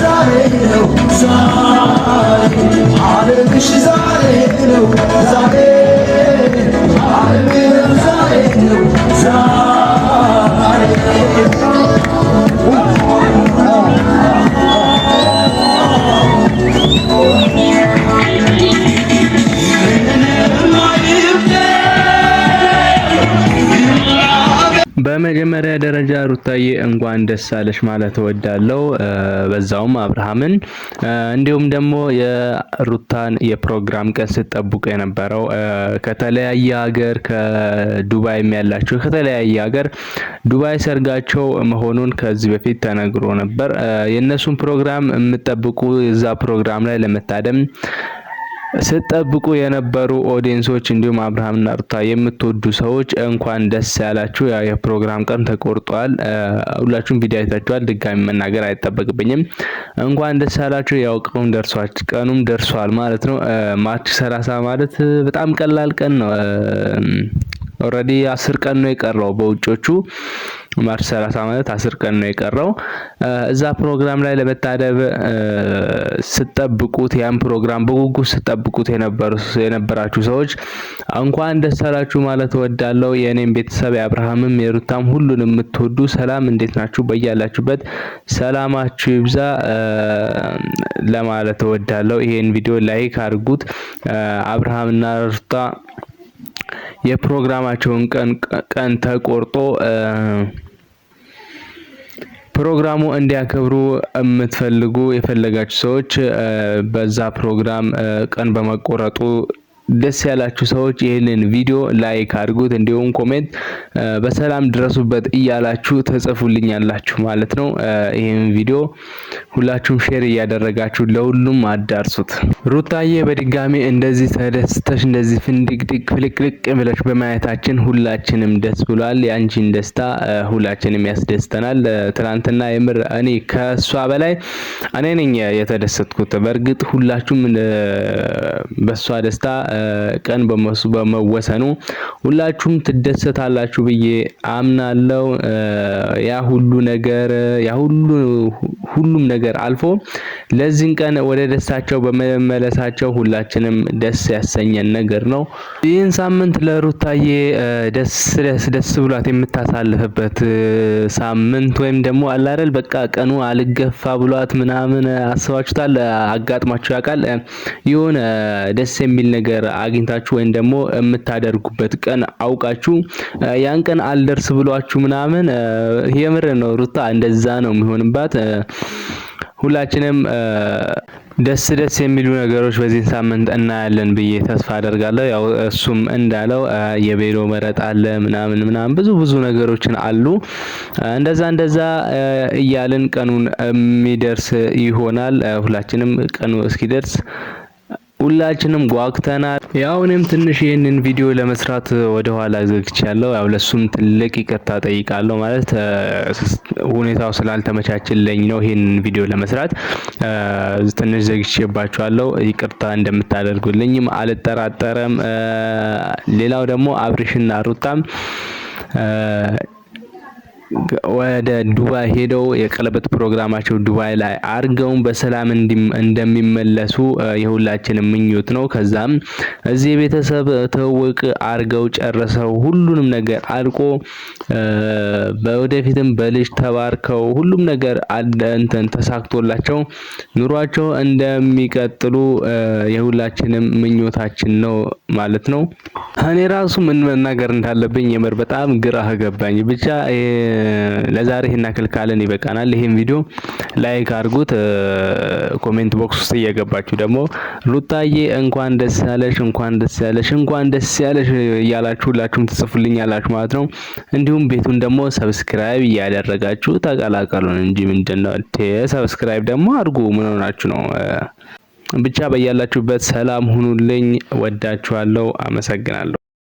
ዛሬ ነው ዛሬ በመጀመሪያ ደረጃ ሩታዬ እንኳን ደስ አለሽ ማለት እወዳለሁ። በዛውም አብርሃምን እንዲሁም ደግሞ የሩታን የፕሮግራም ቀን ስትጠብቁ የነበረው ከተለያየ ሀገር ከዱባይም ያላቸው ከተለያየ ሀገር ዱባይ ሰርጋቸው መሆኑን ከዚህ በፊት ተነግሮ ነበር። የእነሱን ፕሮግራም የምትጠብቁ እዛ ፕሮግራም ላይ ለመታደም ስትጠብቁ የነበሩ ኦዲየንሶች እንዲሁም አብርሃምና ሩታ የምትወዱ ሰዎች እንኳን ደስ ያላችሁ። ያው የፕሮግራም ቀን ተቆርጧል። ሁላችሁም ቪዲዮ አይታችኋል። ድጋሚ መናገር አይጠበቅብኝም። እንኳን ደስ ያላችሁ። ያው ቀኑም ደርሷል፣ ቀኑም ደርሷል ማለት ነው። ማርች ሰላሳ ማለት በጣም ቀላል ቀን ነው። ኦልሬዲ አስር ቀን ነው የቀረው በውጮቹ ማርች 30 ማለት አስር ቀን ነው የቀረው። እዛ ፕሮግራም ላይ ለመታደብ ስጠብቁት ያን ፕሮግራም በጉጉት ስጠብቁት የነበራችሁ ሰዎች እንኳን ደስ አላችሁ ማለት እወዳለሁ። የእኔም ቤተሰብ የአብርሃምም የሩታም ሁሉንም የምትወዱ ሰላም፣ እንዴት ናችሁ? በያላችሁበት ሰላማችሁ ይብዛ ለማለት እወዳለሁ። ይሄን ቪዲዮ ላይክ አድርጉት። አብርሃምና ሩታ የፕሮግራማቸውን ቀን ቀን ተቆርጦ ፕሮግራሙ እንዲያከብሩ የምትፈልጉ የፈለጋችሁ ሰዎች በዛ ፕሮግራም ቀን በመቆረጡ ደስ ያላችሁ ሰዎች ይህንን ቪዲዮ ላይክ አድርጉት፣ እንዲሁም ኮሜንት በሰላም ድረሱበት እያላችሁ ተጽፉልኛላችሁ ማለት ነው። ይህን ቪዲዮ ሁላችሁም ሼር እያደረጋችሁ ለሁሉም አዳርሱት። ሩታዬ በድጋሚ እንደዚህ ተደስተሽ እንደዚህ ፍንድቅድቅ ፍልቅልቅ ብለሽ በማየታችን ሁላችንም ደስ ብሏል። የአንቺን ደስታ ሁላችንም ያስደስተናል። ትናንትና የምር እኔ ከእሷ በላይ እኔ ነኝ የተደሰትኩት። በእርግጥ ሁላችሁም በእሷ ደስታ ቀን በመሱ በመወሰኑ ሁላችሁም ትደሰታላችሁ ብዬ አምናለው ያ ሁሉ ነገር ያ ሁሉ ሁሉም ነገር አልፎ ለዚህን ቀን ወደ ደስታቸው በመመለሳቸው ሁላችንም ደስ ያሰኘን ነገር ነው። ይህን ሳምንት ለሩታዬ ደስ ደስ ብሏት የምታሳልፍበት ሳምንት ወይም ደግሞ አላረል በቃ ቀኑ አልገፋ ብሏት ምናምን አስባችሁታል? አጋጥማችሁ ያውቃል? የሆነ ደስ የሚል ነገር አግኝታችሁ ወይም ደግሞ የምታደርጉበት ቀን አውቃችሁ ያን ቀን አልደርስ ብሏችሁ ምናምን የምር ነው። ሩታ እንደዛ ነው የሚሆንባት። ሁላችንም ደስ ደስ የሚሉ ነገሮች በዚህ ሳምንት እናያለን ብዬ ተስፋ አደርጋለሁ። ያው እሱም እንዳለው የቤሎ መረጥ አለ ምናምን ምናምን ብዙ ብዙ ነገሮችን አሉ። እንደዛ እንደዛ እያልን ቀኑን የሚደርስ ይሆናል። ሁላችንም ቀኑ እስኪደርስ ሁላችንም ጓግተናል። ያው እኔም ትንሽ ይህንን ቪዲዮ ለመስራት ወደ ኋላ ዘግቻለሁ። ያው ለሱም ትልቅ ይቅርታ ጠይቃለሁ። ማለት ሁኔታው ስላልተመቻችልኝ ነው ይህን ቪዲዮ ለመስራት ትንሽ ዘግቼባችኋለሁ። ይቅርታ እንደምታደርጉልኝም አልጠራጠረም። ሌላው ደግሞ አብሪሽና ሩጣም ወደ ዱባይ ሄደው የቀለበት ፕሮግራማቸው ዱባይ ላይ አድርገውን በሰላም እንደሚመለሱ የሁላችንም ምኞት ነው። ከዛም እዚህ ቤተሰብ ትውውቅ አርገው ጨርሰው ሁሉንም ነገር አልቆ በወደፊትም በልጅ ተባርከው ሁሉም ነገር እንትን ተሳክቶላቸው ኑሯቸው እንደሚቀጥሉ የሁላችንም ምኞታችን ነው ማለት ነው። እኔ ራሱ ምን መናገር እንዳለብኝ የምር በጣም ግራ ገባኝ ብቻ ለዛሬ ይህን አክልካለን ይበቃናል። ይህም ቪዲዮ ላይክ አድርጉት። ኮሜንት ቦክስ ውስጥ እየገባችሁ ደግሞ ሩታዬ እንኳን ደስ ያለሽ፣ እንኳን ደስ ያለሽ፣ እንኳን ደስ ያለሽ እያላችሁ ሁላችሁም ትጽፉልኝ ያላችሁ ማለት ነው። እንዲሁም ቤቱን ደግሞ ሰብስክራይብ እያደረጋችሁ ተቀላቀሉን እንጂ ምንድነው ሰብስክራይብ ደግሞ አድርጉ። ምን ሆናችሁ ነው? ብቻ በያላችሁበት ሰላም ሁኑልኝ። ወዳችኋለሁ። አመሰግናለሁ።